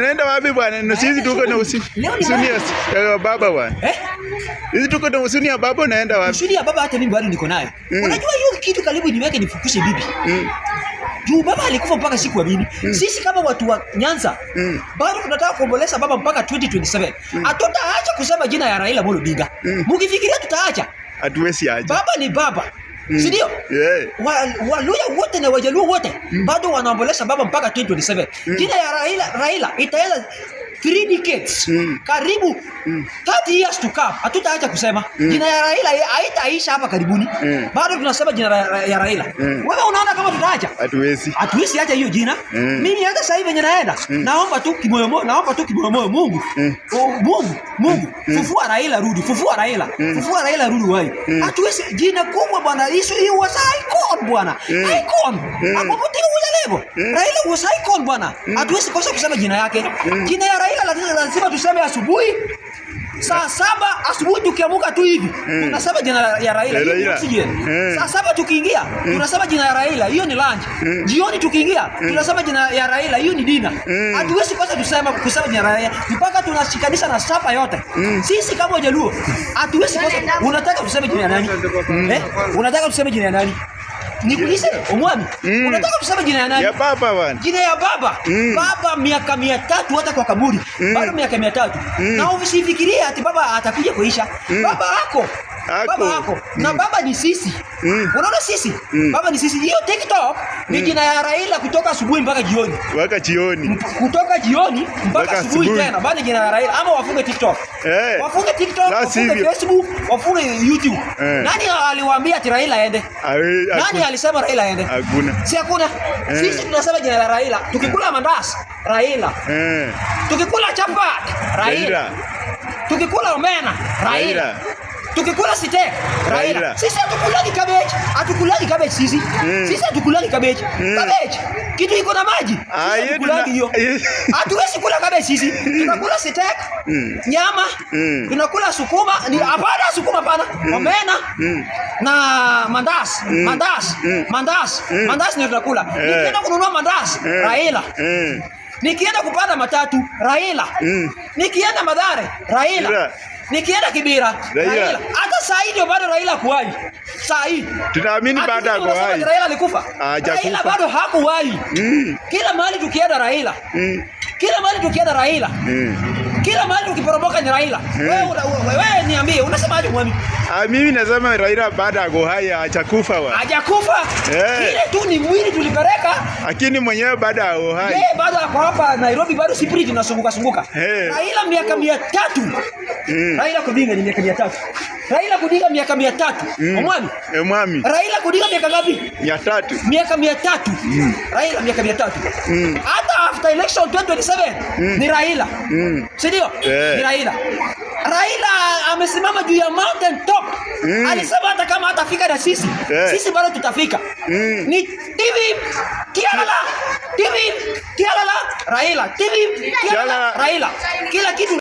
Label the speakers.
Speaker 1: Nenda wapi bwana? Na Sisi eh? tuko na usuni ya baba bwana. Eh? Sisi tuko na usuni ya baba, naenda wapi?
Speaker 2: Usuni ya baba hata mimi bado niko nayo. Mm. Unajua hiyo kitu karibu niweke nifukushe bibi. Mm. Juu baba alikufa mpaka siku ya bibi. Mm. Sisi kama watu wa Nyanza bado tunataka kuomboleza baba mpaka 2027. Hatutaacha kusema jina ya Raila Amolo Odinga. Mkifikiria tutaacha?
Speaker 1: Hatuwezi acha.
Speaker 2: Baba ni baba. Mm. si ndio? Waluya wote na wajaluo wote mm. bado wanaombolesha baba mpaka 2027. Mm. Jina ya Raila Raila itaenda three decades karibu 30 years to come. Hatutaacha kusema jina ya Raila haitaisha hapa karibuni, bado tunasema jina ya Raila. Wewe una tutaacha, hatuwezi hatuwezi acha hiyo jina mm. Mimi hata sasa hivi venye naenda mm. Eh. Naomba tu kimoyo moyo, naomba tu kimoyo moyo Mungu mm. O, Mungu Mungu mm. Fufua Raila rudi, fufua Raila mm. Fufua Raila rudi wai mm. Hatuwezi jina kubwa bwana, hizo hiyo wasa icon bwana mm. Icon mm. Hapo mtu yule mm. Raila wasa icon bwana mm. Hatuwezi kosa kusema jina yake mm. Jina ya Raila lazima tuseme asubuhi Saa saba asubuhi tukiamuka tu hivi hmm. unasema jina ya Raila, hmm. saa saba tukiingia unasema hmm. jina ya Raila, hiyo ni lunch. Jioni tukiingia tunasema jina ya Raila, hiyo ni dina. Hatuwezi kwanza tusema kusema jina Raila mpaka tunashikanisha na sapa yote. Sisi kama Wajaluo hatuwezi kwanza, Unataka tuseme jina ya nani? unataka tuseme jina ya nani? Eh? Nikuulize umwami, mm. Unataka kusema jina ya nani?
Speaker 1: Ya baba bwana.
Speaker 2: Jina ya baba. Mm. Baba miaka 300 hata kwa kaburi. Mm. Bado miaka 300. Mm. Na usifikirie ati baba atakuja kuisha. Mm. Baba yako Ako. Baba ako. Na mm. baba ni sisi. Mm. Unaona sisi? Mm. Baba ni sisi. Hiyo TikTok ni mm. jina ya Raila kutoka asubuhi mpaka jioni.
Speaker 1: Mpaka jioni.
Speaker 2: Kutoka jioni mpaka asubuhi tena. Bali ni jina ya Raila ama wafunge TikTok. Eh. Hey. Wafunge TikTok, That's wafunge hivyo. Facebook, wafunge YouTube. Hey. Eh. Nani aliwaambia ati Raila aende? Nani alisema Raila aende?
Speaker 1: Hakuna.
Speaker 2: Si hakuna. Hey. Eh. Sisi tunasema jina la Raila. Tukikula eh. mandazi, Raila. Eh. Hey. Tukikula chapati, Raila. Raila. Tukikula omena, Raila. Raila. Tukikula siteka Raila. Sisi hatukulagi kabeji. Hatukulagi kabeji sisi. Mm. Sisi hatukulagi kabeji. Mm. Kabeji. Kitu iko na maji. Hatukulagi hiyo. Hatuwezi kula kabeji sisi. Tunakula siteka. Mm. Nyama. Mm. Tunakula sukuma. Ni hapana hmm. sukuma pana. Mm. Omena. Mm. Na mandazi. Mm. Mandazi. Mm. Mandazi. Mm. Mandazi ndio tunakula. yeah. Nikienda kununua mandazi, mm. Raila. Mm. Nikienda kupanda matatu, Raila. Mm. Nikienda Madare, Raila nikienda Kibira Raila, hata saa hii ndio bado Raila kuwai. Saa hii
Speaker 1: tunaamini baada ya kuwai
Speaker 2: Raila alikufa,
Speaker 1: hajakufa Raila
Speaker 2: bado hakuwai. Mm. Kila mahali tukienda Raila mm. Kila mahali tukienda Raila. Mm. Kila mahali ukiporomoka ni Raila. Mm. Wewe wewe niambie unasemaje mwami?
Speaker 1: Ah, mimi nasema Raila baada ya uhai hajakufa wa.
Speaker 2: Hajakufa? Yeah. Kile tu ni mwili tulipeleka.
Speaker 1: Lakini mwenyewe baada ya uhai.
Speaker 2: Yeye bado ako hapa Nairobi bado spirit inasunguka sunguka. Hey. Eh. Raila miaka 300. Mm. Raila kudinga ni miaka 300. Raila kudinga miaka 300. Mm. Mwami? Eh, mwami. Raila kudinga miaka ngapi?
Speaker 1: 300.
Speaker 2: Miaka 300. Mm. Raila miaka 300. Mm. Hata after election 2027 mm. ni Raila mm. si ndio? Yeah. Ni Raila. Raila amesimama juu ya mountain top mm. Alisema hata kama hatafika na sisi yeah. Sisi bado tutafika mm. Ni TV Tialala TV Tialala Raila TV Tialala Raila kila kitu